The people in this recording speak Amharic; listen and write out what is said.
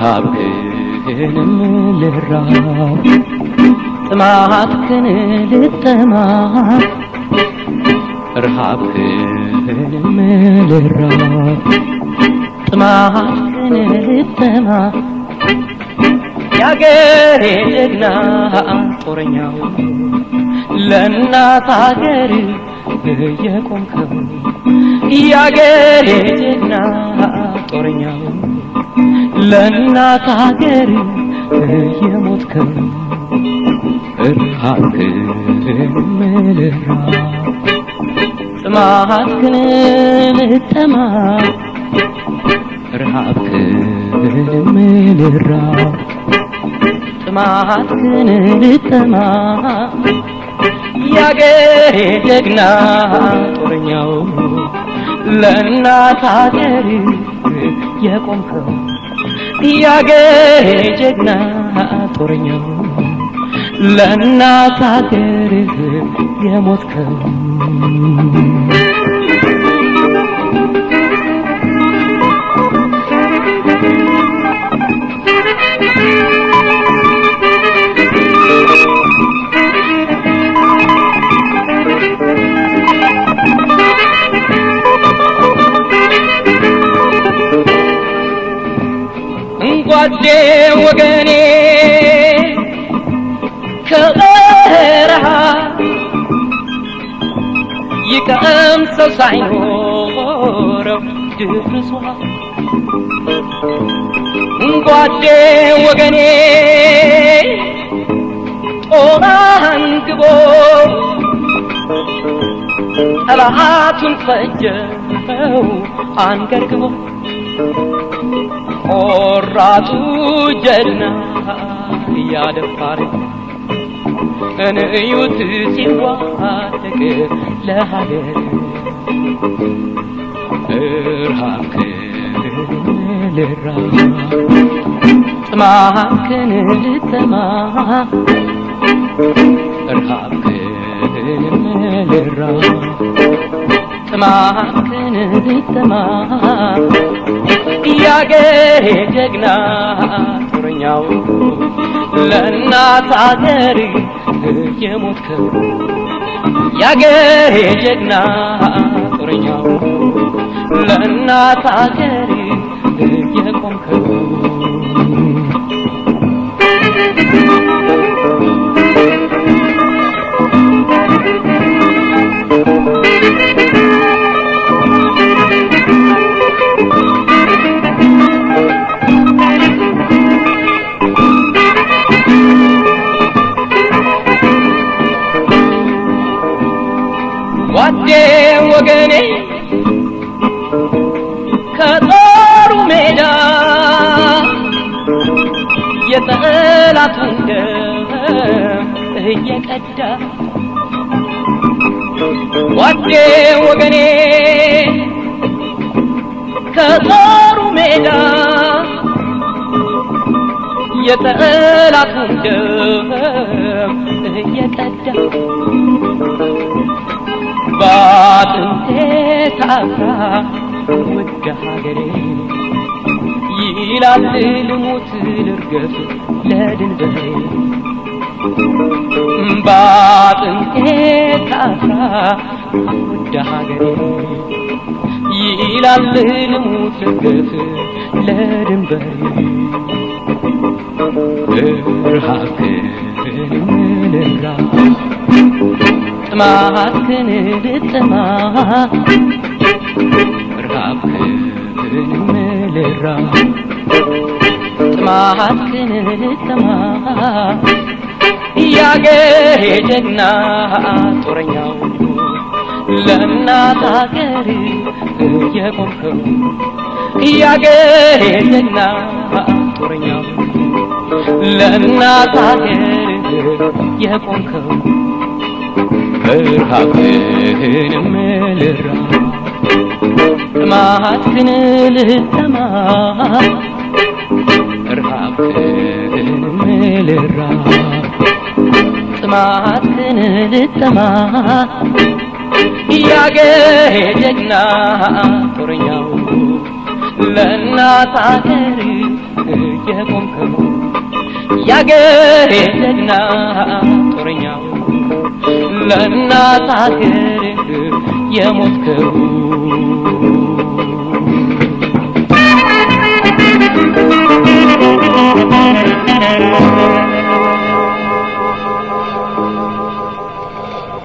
ረሃብህን ልራብ ጥማትህን ልጠማ ረሃብህን ልራብ ጥማትህን ልጠማ የአገሬ ጀግና ጦረኛው ለእናት አገር የቆምከው የአገሬ ጀግና ጦረኛው ለእናት ሀገር እየሞትከው እርሃክን ምልራ ጥማትክን ልጠማ ረሃብክን ምልራ ጥማትክን ልጠማ ያገሬ ጀግና ጦረኛው ለእናት ሀገር የቆምከው ያገሬ ጀግና ጦረኛው ለእናት አገር የሞትከው ጓዴ ወገኔ ከበረሃ ይቀምሰው ሳይኖረው ድፍርሷ ጓዴ ወገኔ ጦር አንግቦ ጠላቱን ፈጀው አንገርግቦ ቆራጡ ጀግና እያደፋር እንእዩት ሲዋደቅ ለሀገር እርሃብ ክልራ ጥማብ ክንልጠማ እርሃብ ክንልራ ጥማብ ክንልጠማ ያገሬ ጀግና ጦረኛው ለእናት አገር ጀግና ጦረኛው ለእናት አገር ጓዴ ወገኔ ከጦሩ ሜዳ የጠላቱን ደም እየቀዳ ጓዴ ወገኔ ከጦሩ ሜዳ የጠላቱን ደም እየቀዳ በአጥንቴ ታፍራ ውድ ሀገሬ ይላል ልሙት ልርገፍ ለድንበሬ በአጥንቴ ታፍራ ውድ ሀገሬ ይላል ልሙት ልርገፍ ለድንበሬ ረሃብን ጥማትህን ልጥማ ርሃብህን ምልራ ጥማትህን ልጥማ ያገሬ ጀግና ጦረኛው ለእናት አገር የቆምከው ያገሬ ጀግና ጦረኛው ለእናት አገር የቆምከው ብርሃንህንም ልራ ጥማትን ልተማ ረሃብህንም ልራ ጥማትን ልጠማ ያገሬ ጀግና ጦረኛው ለእናት አገር የቆምከው ያገሬ ጀግና ጦረኛው ለእናት አገር የሞትከው Thank